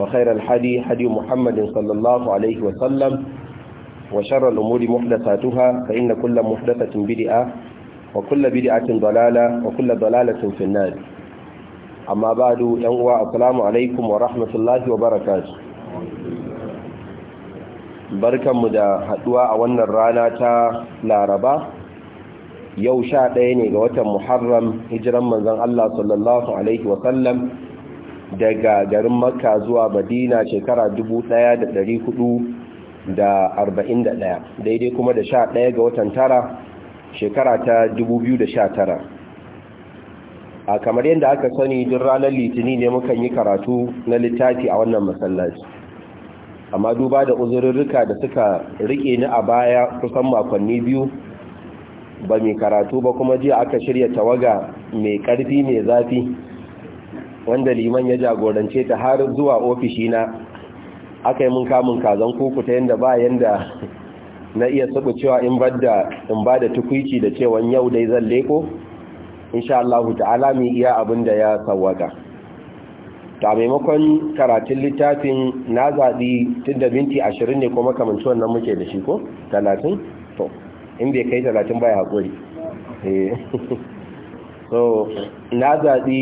وخير الحدي حدي محمد صلى الله عليه وسلم وشر الأمور محدثاتها فإن كل محدثة بدعة وكل بدعة ضلالة وكل ضلالة في النار أما بعد ينوى السلام عليكم ورحمة الله وبركاته barkanmu da haduwa a wannan rana ta laraba yau sha ɗaya ne ga watan muharram hijiran manzon Allah sallallahu alaihi wasallam daga garin makka zuwa madina shekara 1441 daidai kuma da sha ɗaya ga watan tara shekara ta 2019 a kamar yadda aka sani duk ranar litini ne mukan yi karatu na littafi a wannan masallaci amma duba da uzurrurruka da suka rike ni a baya kusan makonni biyu ba mai karatu ba kuma jiya aka shirya tawaga mai karfi mai zafi wanda liman ya jagorance ta har zuwa ofishina aka yi mun kamun kazan kuku ta yadda ba yadda na iya saba cewa in ba da tukwici da cewan yau dai zan leko insha Allah ta'ala mai iya abin da ya sawaka ta maimakon karatun littafin na zaɓi tun da minti ashirin ne kuma makamancin wannan muke da shi ko talatin to in bai kai talatin baya haƙuri eh, so na zaɓi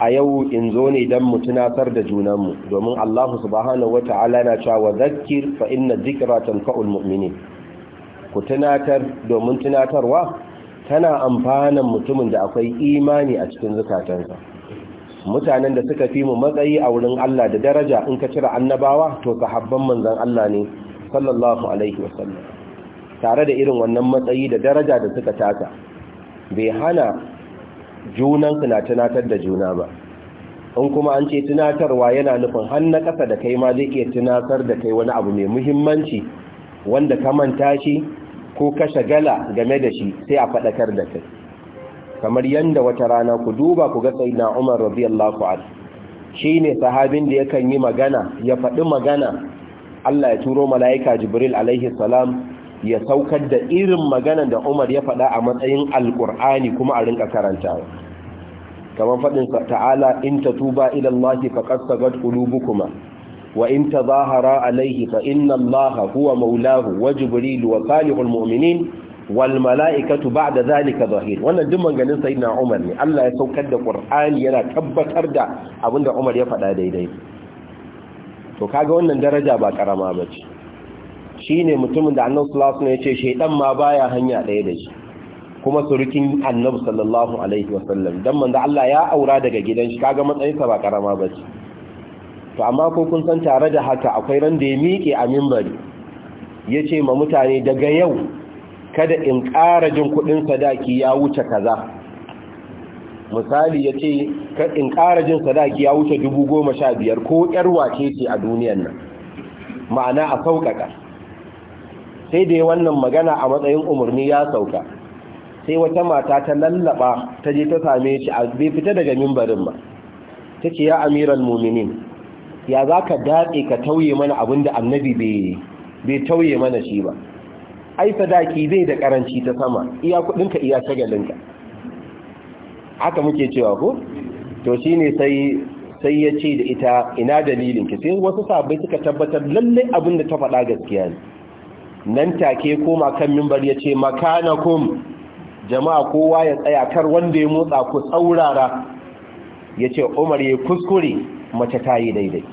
a yau in zo ne don mu tunatar da junanmu domin Allah subhanahu wata'ala na cewa wa zakkir fa inna zikra tanfa'ul mu'minin ku tunatar domin tunatarwa tana amfanan mutumin da akwai imani a cikin zukatansa mutanen da suka fi mu matsayi a wurin Allah da daraja in ka cira annabawa to sahabban manzon Allah ne sallallahu alaihi wasallam tare da irin wannan matsayi da daraja da suka taka bai hana Junansu na tunatar da juna ba in kuma an ce tunatarwa yana nufin har na ƙasa da kai ma zai iya tunatar da kai wani abu mai muhimmanci wanda ka manta shi ko kashe gala game da shi sai a faɗakar da kai kamar yadda wata rana ku duba ku ga sayyidina Umar radiyallahu anhu shine sahabin da yakan yi magana ya faɗi magana Allah ya turo mala'ika Jibril alaihi salam ya saukar da irin maganan da Umar ya faɗa a matsayin alkur'ani kuma a rinka karanta kamar faɗin ta'ala in tatuba ila Allah faqad sagat qulubukuma wa in tazahara alayhi fa inna Allah huwa maulahu wa jibril wa salihul mu'minin wal mala'ikatu ba'da zalika zahir wannan duk maganin sayyidina Umar ne Allah ya saukar da Qur'ani yana tabbatar da abinda Umar ya faɗa daidai to kaga wannan daraja ba karama bace Shi ne mutumin da annabu sallallahu alaihi wasallam ya ce shaydan ma baya hanya ɗaya da shi kuma surukin annabi sallallahu alaihi wasallam dan manzo Allah ya aura daga gidan shi kaga matsayinsa ba karama bace to amma ko kun san tare da haka akwai ran da ya miƙe a minbari yace ma mutane daga yau kada in ƙara jin kuɗin sadaki ya wuce kaza misali ya ce in ƙara jin sadaki ya wuce dubu goma sha biyar ko ƴar wace ce a duniyar nan ma'ana a sauƙaƙa sai da wannan magana a matsayin umarni ya sauka sai wata mata ta lallaba ta je ta same shi a bai fita daga mimbarin ba ta ce ya amiran muminin ya za ka daɗe ka tauye mana abin da annabi bai tauye mana shi ba ai sadaki zai da karanci ta sama iya kudinka iya shagalinka haka muke cewa ko to ne sai sai ya ce da ita ina dalilinki? sai wasu sabai suka tabbatar lallai abin da ta faɗa gaskiya ne nan take koma kan mimbar ya ce makanakum jama'a kowa ya tsaya kar wanda ya motsa ku tsaurara ya ce umar ya kuskure mace ta yi daidai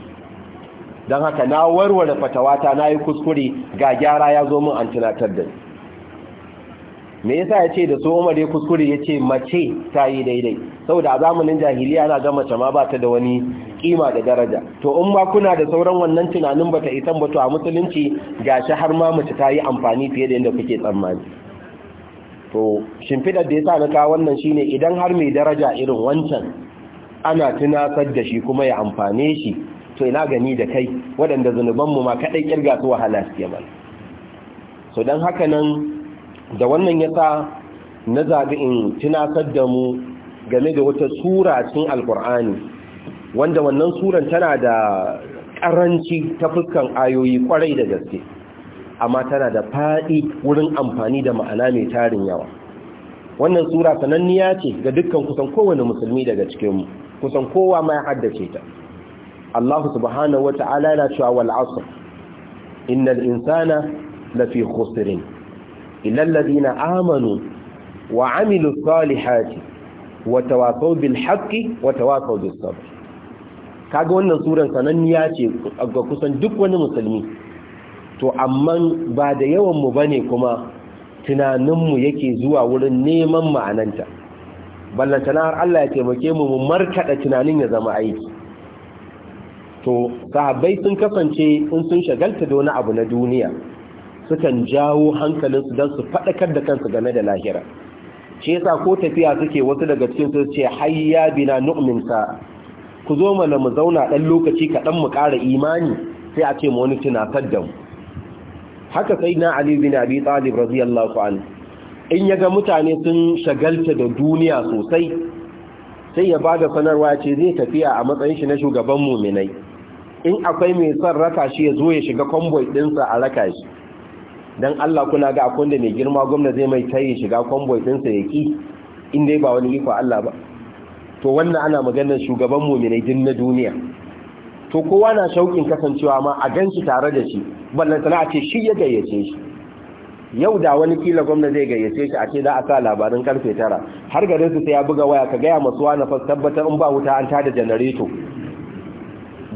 don haka na warware fatawata na yi kuskure ga gyara ya zo min an tunatar da ni me yasa ya ce da su umar ya kuskure ya ce mace ta yi daidai saboda a zamanin jahiliya ana gama mace ma ba ta da wani kima da daraja to in ba kuna da sauran wannan tunanin ba ta isan ba to a musulunci ga shi har ma mace ta yi amfani fiye da yadda kuke tsammani to shimfidar da yasa na kawo wannan shine idan har mai daraja irin wancan ana tunasar da shi kuma ya amfane shi to ina gani da kai waɗanda zunubanmu ma kaɗai ƙirga su wahala suke mana so don haka nan da wannan yasa na zaɓi in tunasar da mu game da wata sura cin alkur'ani wanda wannan suran tana da ƙaranci ta fuskan ayoyi ƙwarai da gaske amma tana da faɗi wurin amfani da ma'ana mai tarin yawa wannan sura sananniya ce ga dukkan kusan kowane musulmi daga cikinmu kusan kowa ma haddace ta Allah subhanahu wata'ala yana cewa wal asr innal insana lafi khusrin إلا الذين آمنوا وعملوا الصالحات وتواصوا بالحق وتواصوا بالصبر kaga wannan suran sananniya ce ga kusan duk wani musulmi to amma ba da yawan mu bane kuma tunaninmu yake zuwa wurin neman ma'ananta ballantana har Allah ya taimake mu mu markaɗa tunanin ya zama aiki to sahabbai sun kasance in sun shagalta da wani abu na duniya sukan jawo su don su faɗakar da kansu game da lahira shi yasa ko tafiya suke wasu daga cikin su ce hayya bina nu'min sa ku zo mana mu zauna ɗan lokaci kaɗan mu ƙara imani sai a ce mu wani tuna da mu haka sai na Ali bin Abi Talib radiyallahu an in yaga mutane sun shagalta da duniya sosai sai ya bada sanarwa ce zai tafiya a matsayin shi na shugaban muminai in akwai mai son raka shi ya zo ya shiga kwamboi dinsa a raka shi dan Allah kuna ga akwai da mai girma gwamna zai mai tayi shiga convoy din sa yaki in dai ba wani iko Allah ba to wannan ana maganar shugaban mu mu'minai din na duniya to kowa na shaukin kasancewa ma a ganci tare da shi sana a ce shi ya gayyace shi yau da wani kila gwamna zai gayyace shi a ce za a sa labarin karfe tara har garin su sai ya buga waya ka gaya masu wani fas tabbatar in ba wuta an tada janareto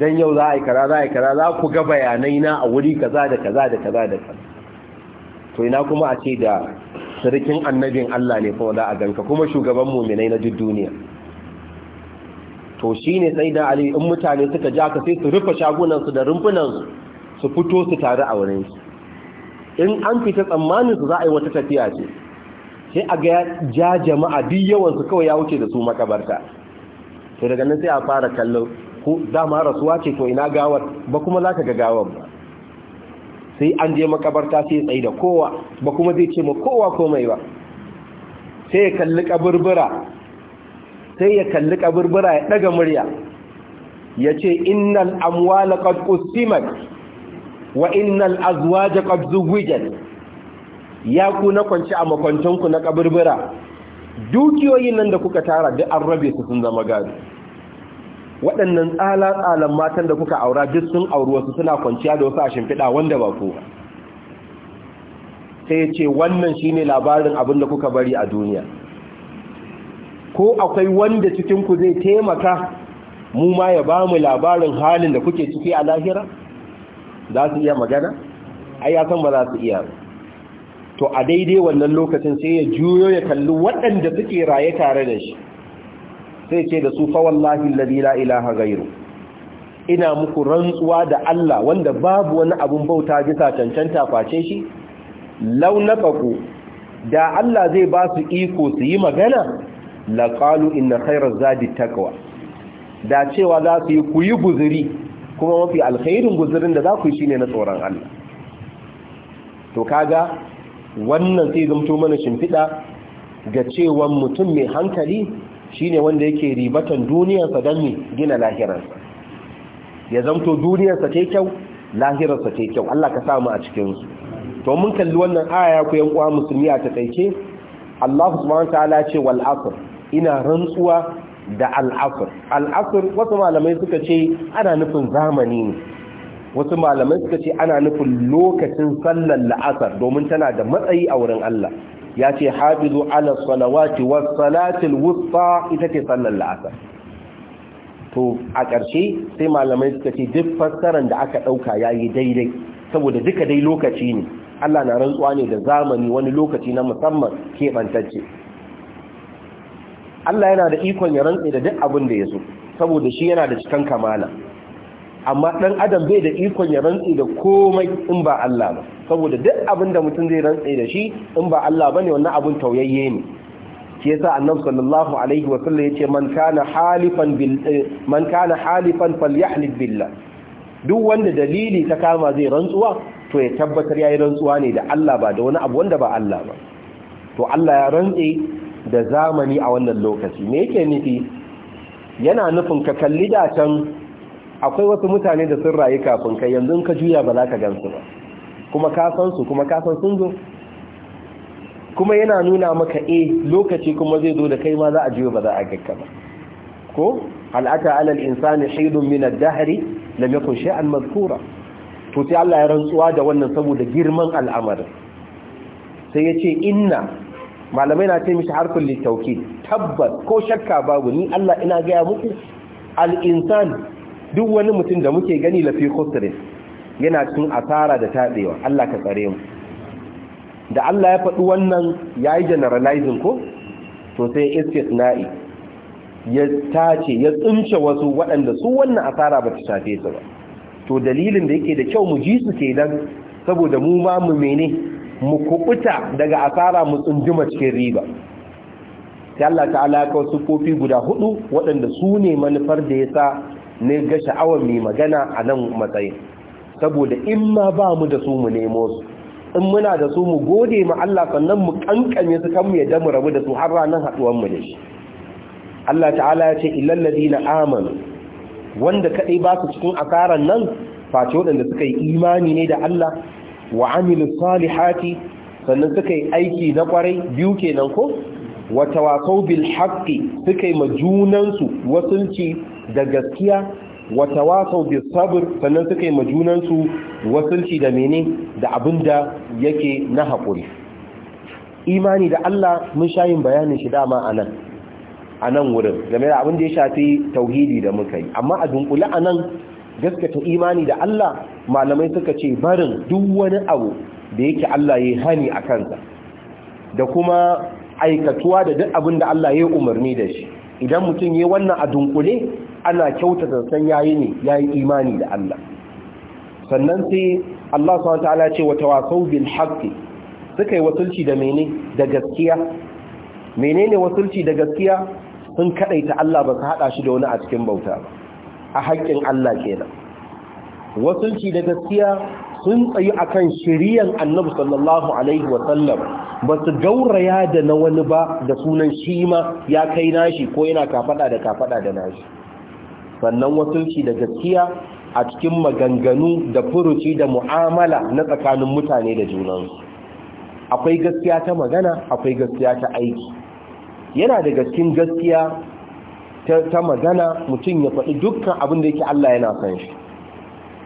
dan yau za a yi kara za a yi kara za ku ga bayanai na a wuri kaza da kaza da kaza da kaza to ina kuma a ce da sarkin annabin Allah ne fa za a ganka kuma shugaban muminai na duk duniya to shine sai da Ali in mutane suka ja ka sai su rufe shagunan su da rumfunan su fito su tare a wurin su in an fita tsammanin su za a yi wata tafiya ce sai a ga ja jama'a duk yawan su kawai ya wuce da su makabarta to daga nan sai a fara kallo ko dama rasuwa ce to ina gawar ba kuma za ga gawar ba sai an je makabarta sai tsaye da kowa ba kuma zai ce ma kowa komai ba sai ya kalli kaburbura sai ya kalli kaburbura ya daga murya ya ce innal amwala qad qusimat wa innal azwaja qad zuwijat ya ku na kwanci a makwantanku na kaburbura dukiyoyin nan da kuka tara duk an rabe su sun zama gado waɗannan tsala-tsalan matan da kuka aura duk sun auri wasu suna kwanciya da wasu a shimfiɗa wanda ba ku sai ya ce wannan shi ne labarin abin da kuka bari a duniya ko akwai wanda cikinku zai taimaka mu ma ya ba mu labarin halin da kuke ciki a lahira za su iya magana? ai ya ba za su iya to a daidai wannan lokacin sai ya juyo ya kalli waɗanda suke raye tare da shi sai ce da su fa wallahi alladhi la ilaha ghairu ina muku rantsuwa da Allah wanda babu wani abun bauta bisa cancanta face shi law nafaqu da Allah zai ba su iko su yi magana qalu inna khayra zadi taqwa da cewa za su yi ku yi guzuri kuma mafi alkhairin guzurin da za ku yi shine na tsoron Allah to kaga wannan sai zamto mana shimfiɗa ga cewa mutum mai hankali shine wanda yake ribatan duniyarsa don ne gina lahirarsa ya zamto duniyarsa ta kyau lahirarsa ta kyau Allah ka samu a cikinsu to mun kalli wannan aya ku yan uwa musulmi a taƙaice Allah subhanahu ta'ala ce wal asr ina rantsuwa da al asr al asr wasu malamai suka ce ana nufin zamani ne wasu malamai suka ce ana nufin lokacin sallar la'asar domin tana da matsayi a wurin Allah ya ce hafizu ala salawati wa salatil wusta ita ce sallar la'asar to a ƙarshe sai malamai suka ce duk fassarar da aka ɗauka ya yi daidai saboda duka dai lokaci ne Allah na rantsuwa ne da zamani wani lokaci na musamman keɓantacce Allah yana da ikon ya rantse da duk abin da ya so saboda shi yana da cikin kamala amma ɗan adam bai da ikon ya rantsi da komai in ba Allah ba saboda duk abin da mutum zai rantsi da shi in ba Allah bane wannan abin tauyayye ne shi yasa annabi sallallahu alaihi wa sallam yace man kana halifan bil eh, man kana halifan falyahlif billah duk wanda dalili ta kama zai rantsuwa to ya tabbatar yayi rantsuwa ne da Allah ba da wani abu wanda ba Allah ba to Allah ya rantsi da zamani a wannan lokaci me yake nufi yana nufin ka kalli da can akwai wasu mutane da sun rayu kafin kai yanzu ka juya ba za ka gansu ba kuma ka san su kuma ka san sun zo kuma yana nuna maka eh lokaci kuma zai zo da kai ma za a juya ba za a gaka ba ko ala alal insani hidun min al dahri lam yakun shay'an madhkura to sai Allah ya rantsuwa da wannan saboda girman al'amarin sai yace inna malamai na ce mishi harfin litauki tabbas ko shakka babu ni Allah ina ga muku al-insan duk wani mutum da muke gani lafi khusrin yana cikin asara da tadewa Allah ka tsare mu da Allah ya faɗi wannan yayi generalizing ko to sai istisna'i ya tace ya tsince wasu waɗanda su wannan asara ba ta shafe su ba to dalilin da yake da kyau mu ji su ke dan saboda mu ma mu mene mu kubuta daga asara mu tsunjuma cikin riba sai Allah ta'ala ya kawo kofi guda hudu waɗanda su ne manufar da ya sa ne ga sha'awar mai magana a nan matsayin saboda in ma ba mu da su mu nemo su in muna da su mu gode ma Allah sannan mu kankane su kan mu yadda mu rabu da su har ranar haɗuwar mu da shi Allah ta'ala ya ce illal ladina amanu wanda kadai ba su cikin asaran nan face wadanda suka yi imani ne da Allah wa amilus salihati sannan suka yi aiki na kwarai biyu kenan ko wa tawasau bil haqqi suka yi ma junansu wasulci da gaskiya wata wasau bi sabr sannan suka yi majunansu wasulci da mene da abin da yake na haƙuri imani da Allah mun shayin bayanin shi dama a nan a nan wurin game da abin da ya shafi tauhidi da muka yi amma a dunkule a nan gaskata imani da Allah malamai suka ce barin duk wani abu da yake Allah ya hani a kansa da kuma aikatuwa da duk abin da Allah ya umarni da shi idan mutum ya wannan a dunkule ana kyautata san yayi ne yayi imani da Allah sannan sai Allah subhanahu wataala ce wa tawasaw bil haqqi suka yi wasulci da mene da gaskiya menene wasulci da gaskiya sun kadaita Allah ba su hada shi da wani a cikin bauta ba a haƙƙin Allah kenan wasulci da gaskiya sun tsayi akan shiriyan Annabi sallallahu alaihi wa sallam ba su gauraya da na wani ba da sunan shi ma ya kai nashi ko yana kafada da kafada da nashi sannan wasulci da gaskiya a cikin maganganu da furuci da mu'amala na tsakanin mutane da junansu akwai gaskiya ta magana akwai gaskiya ta aiki yana da gaskin gaskiya ta magana mutum ya faɗi dukkan abin da yake Allah yana san shi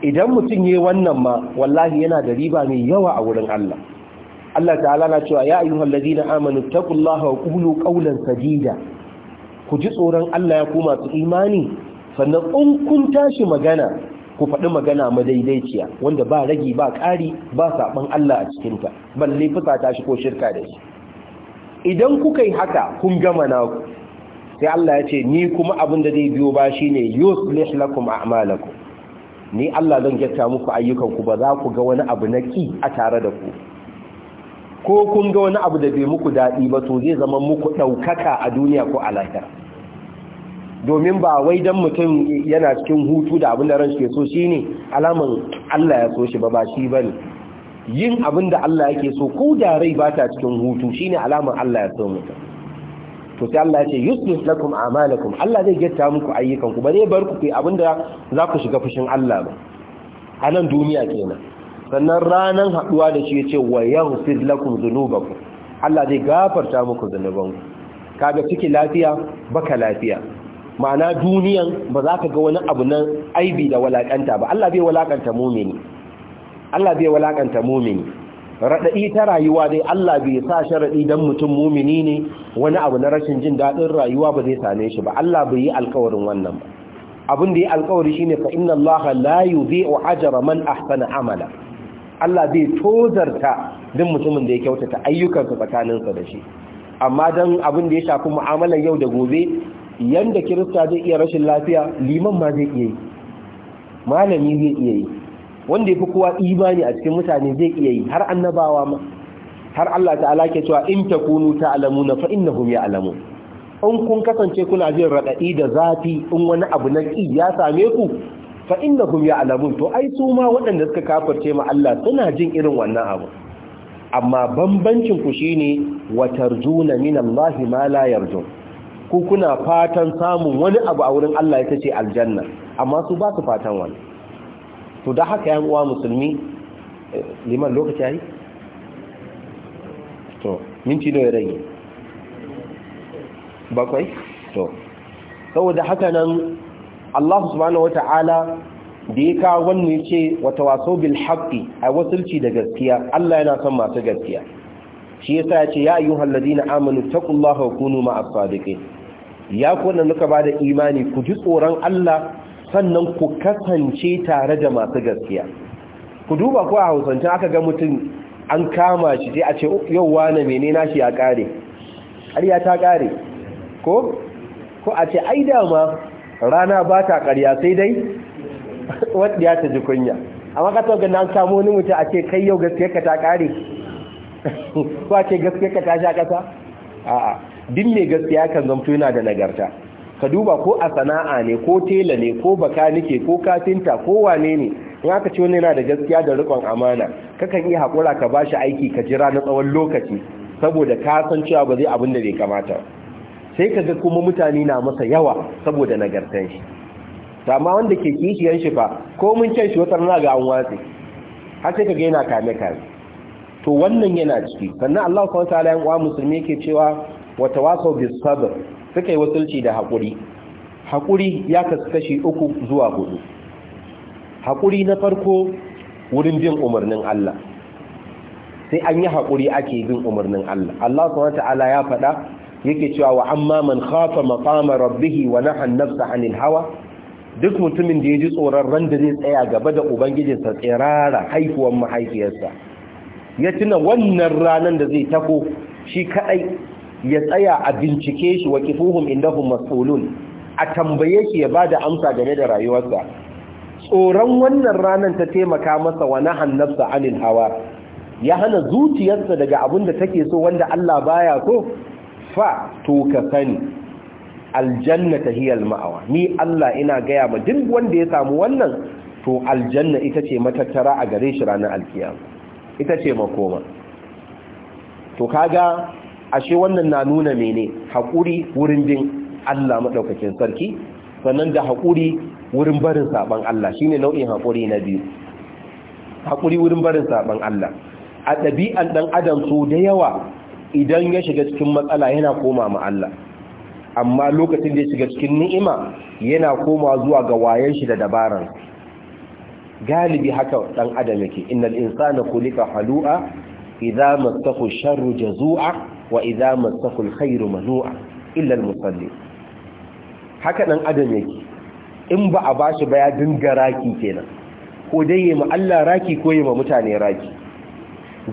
idan mutum yi wannan ma wallahi yana da riba mai yawa a wurin Allah Allah ta'ala na cewa ya ayyuhal ladina amanu taqullaha wa qulu qawlan sadida ku ji tsoron Allah ya kuma su imani sannan in kun tashi magana ku faɗi magana madaidaiciya wanda ba ragi ba ƙari ba saɓon Allah a cikinta balle fusata shi ko shirka da shi idan kuka yi haka kun gama naku sai Allah ya ce ni kuma abin da zai biyo ba shine yuslih lakum a'malakum ni Allah zan gyarta muku ayyukan ku ba za ku ga wani abu na ki a tare da ku ko kun ga wani abu da bai muku daɗi ba to zai zama muku ɗaukaka a duniya ko a lahira domin ba wai dan mutum yana cikin hutu da abin da ran ke so shine alaman Allah ya so shi ba ba shi bane yin abin da Allah yake so ko da rai ba ta cikin hutu shine alaman Allah ya so mutum to sai Allah ya ce yuslih lakum a'malakum Allah zai gyata muku ayyukan ku ba zai bar ku kai abin za ku shiga fushin Allah ba a nan duniya kenan sannan ranan haduwa da shi yace wa yaghfir lakum dhunubakum Allah zai gafarta muku zunubanku kaga ciki lafiya baka lafiya ma'ana duniyan ba za ka ga wani abu nan aibi da walakanta ba Allah bai walakanta mumini Allah bai walakanta mumini raɗaɗi ta rayuwa dai Allah bai sa sharaɗi don mutum mumini ne wani abu na rashin jin daɗin rayuwa ba zai same shi ba Allah bai yi alƙawarin wannan ba abin da ya alkawari shine fa inna Allah la yudhi'u ajra man ahsana amala Allah bai tozarta duk mutumin da ya kyautata ayyukansa tsakaninsa da shi amma don abin da ya shafi mu'amalar yau da gobe yanda kirista zai iya rashin lafiya liman ma zai iya yi malami zai iya yi wanda yafi kowa imani a cikin mutane zai iya yi har annabawa ma har Allah ta'ala ke cewa in takunu ta'lamuna fa innahum ya'lamun in kun kasance kuna jin radadi da zafi in wani abu na ki ya same ku fa innahum ya'lamun to ai su ma waɗanda suka kafirce ma Allah suna jin irin wannan abu amma bambancin ku shine wa tarjuna min ma la yarjun ko kuna fatan samun wani abu a wurin Allah ya ce aljanna amma su ba su fatan wani to da haka yan uwa musulmi liman lokaci ai to minti nawa rage bakwai to saboda haka nan Allah subhanahu wata'ala da ya kawo wannan ce wata waso bil haqqi ai wasulci da gaskiya Allah yana son masu gaskiya shi yasa ce ya ayyuhal ladina amanu taqullaha wa kunu ma'as sadiqin ya kuwa nuka ba da imani ku ji tsoron Allah sannan ku kasance tare da masu gaskiya ku duba ku a hausance aka ga mutum an kama shi sai a ce oh, yau na mene nashi ya kare ƙarya ta kare ko ko a ce ai dama rana ba ta ƙarya sai dai wadda ya ta ji kunya amma ka tsoga na kamo wani mutum a ce kai yau gaskiyarka ta kare ko a ce gaskiyarka ta sha ƙasa a'a Din mai gaskiya kan zamto yana da nagarta ka duba ko a sana'a ne ko tela ne ko baka nike ko kafinta ko wane ne in aka ce wani yana da gaskiya da rikon amana kakan iya haƙura ka bashi aiki ka jira na tsawon lokaci saboda ka san cewa ba zai abin da bai kamata sai ka ga kuma mutane na masa yawa saboda nagartan shi amma wanda ke kishiyan shi fa ko mun can shi wata rana ga an watsi har sai ka ga yana kame kame to wannan yana ciki sannan Allah subhanahu ta'ala ya wa musulmi yake cewa Wata wasau bi sabr suka yi wasulci da hakuri hakuri ya kaskashi uku zuwa hudu hakuri na farko wurin bin umarnin Allah sai an yi hakuri ake bin umarnin Allah Allah subhanahu ta'ala ya faɗa yake cewa wa amma man khafa maqama rabbih wa naha an-nafsa 'anil hawa duk mutumin da ya ji tsoron ran da zai tsaya gaba da ubangijinsa tsirara haifuwan mahaifiyarsa ya tuna wannan ranar da zai tako shi kadai ya tsaya a bincike shi wa inda hun mas'ulun a tambaye shi ya ba da amsa game da rayuwarsa tsoron wannan ranar ta taimaka masa wa nahan anin hawa ya hana zuciyarsa daga abin da take so wanda Allah baya so fa to ka sani Aljanna ta hiya ma'awa. ni Allah ina gaya ma duk wanda ya samu wannan to aljanna ita ce matattara a gare shi ranar alkiyama ita ce makoma to kaga ashe wannan na nuna mene haƙuri wurin bin Allah maɗaukakin sarki sannan da haƙuri wurin barin saɓan Allah shine nau'in haƙuri na biyu haƙuri wurin barin saɓan Allah a ɗabi'an ɗan adam su da yawa idan ya shiga cikin matsala yana koma ma Allah amma lokacin da ya shiga cikin ni'ima yana koma zuwa ga wayen shi da dabaran galibi haka ɗan adam yake innal insana khuliqa halu'a idza massahu sharru jazu'a wa idza masakul khairu manu'a illa musalli. haka dan adam yake in ba a bashi ba ya dinga raki kenan ko dai yayi ma Allah raki ko yayi ma mutane raki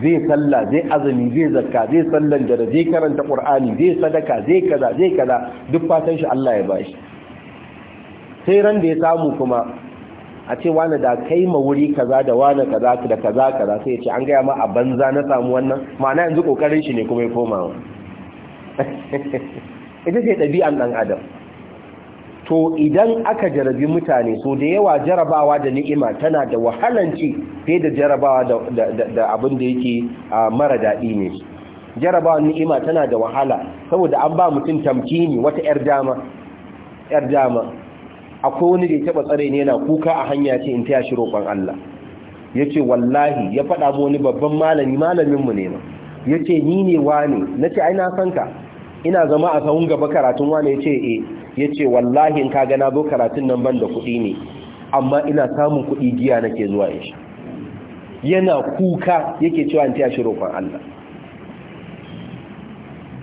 zai salla zai azumi zai zakka zai sallan da zai karanta qur'ani zai sadaka zai kaza zai kaza duk fatan shi Allah ya bashi sai ran da ya samu kuma a ce wane da kai ma wuri kaza da wane kaza da kaza kaza sai ya ce an gaya ma a banza na samu wannan ma'ana yanzu kokarin shi ne kuma ya koma ita ce ɗabi'an ɗan adam to idan aka jarabi mutane so da yawa jarabawa da ni'ima tana da wahalanci fiye da jarabawa da abin da yake mara daɗi ne jarabawa ni'ima tana da wahala saboda an ba mutum tamkini wata 'yar 'yar dama akwai wani da ya taba tsare ne yana kuka a hanya ce in taya shi roƙon Allah yace wallahi ya faɗa mu wani babban malami malamin mu ne ma yace ni ne wani nace ai na san ka ina zama a sahun gaba karatun wani yace eh yace wallahi in ka ga na zo karatun nan ban da kuɗi ne amma ina samun kuɗi giya nake zuwa in yana kuka yake cewa in taya shi roƙon Allah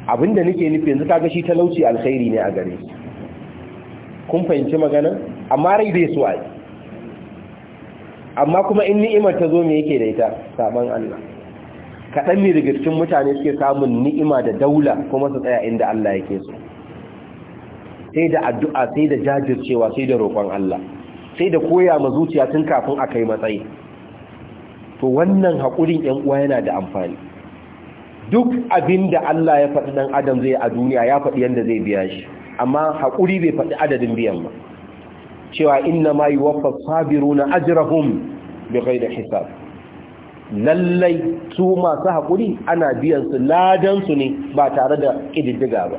abinda nake nufi yanzu kaga shi talauci alkhairi ne a gare shi kun fahimci magana amma rai bai so ai amma kuma in ni'imar ta zo me yake da ita saban Allah kaɗan ne daga mutane suke samun ni'ima da daula kuma su tsaya inda Allah yake so sai da addu'a sai da jajircewa sai da roƙon Allah sai da koya ma zuciya tun kafin a kai matsayi to wannan haƙurin ‘yan uwa yana da amfani duk abin da Allah ya faɗi ɗan adam zai a duniya ya faɗi yadda zai biya shi amma haƙuri bai faɗi adadin biyan ba cewa inna ma yi wafa sabiru na ajirahun bai kai da hisab lallai su masu haƙuri ana biyansu ladansu ne ba tare da ƙididdiga ba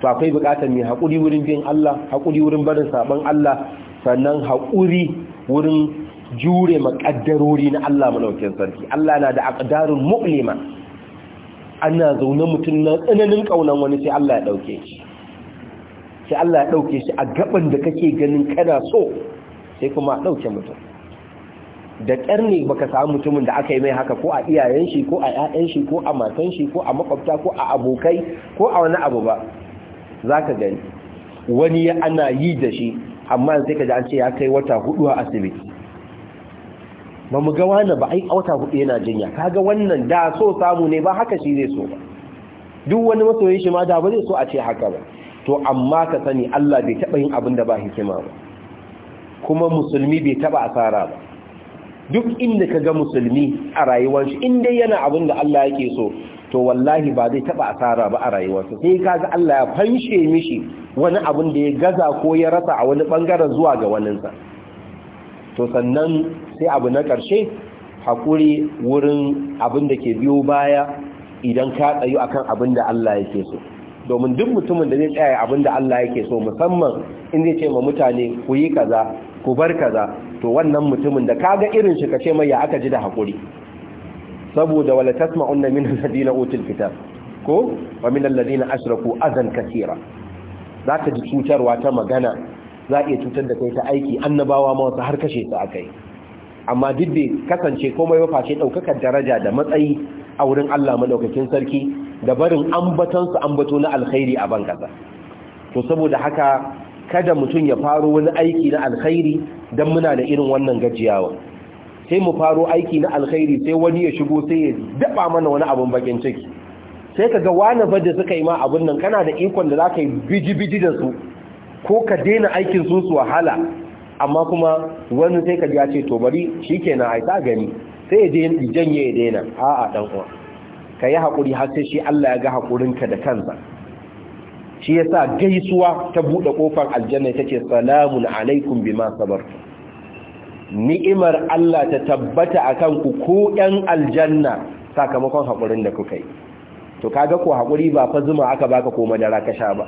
to akwai buƙatar mai haƙuri wurin biyan Allah haƙuri wurin barin sabon Allah sannan haƙuri wurin jure maƙaddarori na Allah malaukin sarki Allah na da akadarin mu'lima ana zaune mutum na tsananin ƙaunan wani sai Allah ya ɗauke shi sai Allah ya ɗauke shi a gaban da kake ganin kana so sai kuma a dauke mutum da ƙarni baka samu mutumin da aka yi mai haka ko a iyayen shi ko a ƴaƴan shi ko a matan shi ko a makwabta ko a abokai ko a wani abu ba zaka gani wani ana yi da shi amma sai ka ji an ce ya kai wata hudu a asibiti ba mu ga wani ba ai wata hudu yana jinya kaga wannan da so samu ne ba haka shi zai so ba duk wani masoyin shi ma da ba zai so a ce haka ba to amma ka sani Allah bai taba yin abin da ba hikima ba kuma musulmi bai taba asara ba duk inda ka ga musulmi a rayuwar shi inda yana abin da Allah yake so to wallahi ba zai taba asara ba a rayuwarsa sai kaga Allah ya fanshe mishi wani abin da ya gaza ko ya rasa a wani bangaren zuwa ga waninsa to sannan sai abu na karshe hakuri wurin abin da ke biyo baya idan ka tsayu akan abin da Allah yake so domin duk mutumin da zai tsaya abin da Allah yake so musamman in zai ce ma mutane ku yi kaza ku bar kaza to wannan mutumin da kaga irin shi kace mai ya aka ji da hakuri saboda wala tasma'unna min na utul kitab ko wa min alladhina ashraku azan kaseera zaka ji cutarwa ta magana za iya cutar da kai ta aiki annabawa ma wasu har kashe su akai amma duk da kasance komai ba face daukakar daraja da matsayi a wurin Allah madaukakin sarki da barin ambatansu ambato na alkhairi a bankasa to saboda haka kada mutum ya faro wani aiki na alkhairi don muna da irin wannan gajiyawa sai mu faro aiki na alkhairi sai wani ya shigo sai ya daba mana wani abun bakin ciki sai ka ga wani da suka yi ma abun nan kana da ikon da za ka yi biji-biji da su ko ka daina aikin su su wahala amma kuma wani sai ka ya ce to bari shi kenan a gani sai ya janye ya daina a'a dan uwa ka yi haƙuri har sai shi Allah ya ga haƙurinka da kansa shi yasa gaisuwa ta buɗe ƙofar aljanna ita ce salamun alaikum bima sabartu ni'imar Allah ta tabbata akan ku ko 'yan aljanna sakamakon haƙurin da kuka yi to kaga ko haƙuri ba fa zuma aka baka ko madara ka sha ba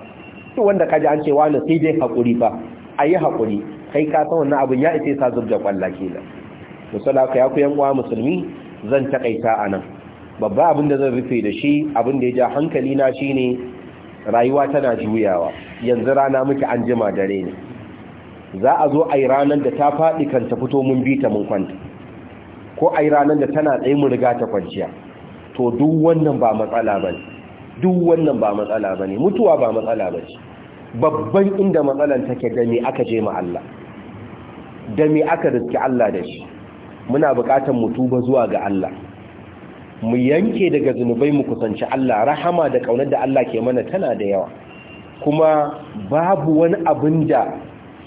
to wanda ka ji an ce wani sai dai haƙuri a ayi haƙuri kai ka san wannan abin ya isa sa zubda kwalla kenan to ka ya ku yan uwa musulmi zan takaita anan babba abin da zan rufe da shi abin da ya ja hankali na shine rayuwa tana juyawa yanzu rana muke an jima dare ne za a zo ai ranar da ta faɗi kan ta fito mun bi ta mun kwanta ko ai ranar da tana tsaye mun riga ta kwanciya to duk wannan ba matsala bane duk wannan ba matsala bane mutuwa ba matsala bace babban inda matsalan take da me aka je ma Allah da me aka riski Allah da shi muna buƙatar mutuba zuwa ga Allah mu yanke daga zunubai mu kusanci Allah rahama da kaunar da Allah ke mana tana da yawa kuma babu wani abin da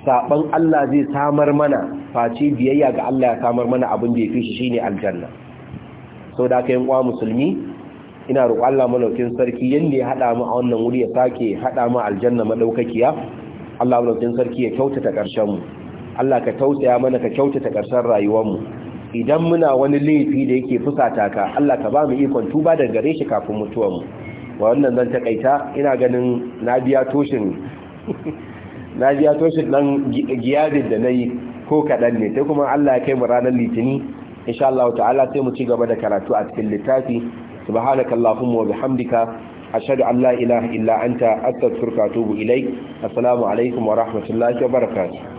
saban Allah zai samar mana face biyayya ga Allah ya samar mana abin da ya fi shi shine aljanna sau da aka kwa musulmi ina roƙon Allah malaukin sarki yanda ya haɗa mu a wannan wuri ya sake haɗa mu aljanna madaukakiya Allah malaukin sarki ya kyautata ƙarshen mu Allah ka tausaya mana ka kyautata karshen rayuwar mu idan muna wani laifi da yake fusata ka Allah ka ba mu ikon tuba daga gare shi kafin mutuwar mu wa wannan zan takaita ina ganin na biya toshin na biya toshin dan giyadin da nayi ko kadan ne sai kuma Allah ya kai mu ranar litini insha Allah ta'ala sai mu ci gaba da karatu a cikin littafi subhanakallahumma wa bihamdika la ilaha illa anta astaghfiruka wa atubu وأتوب assalamu alaikum wa rahmatullahi wa barakatuh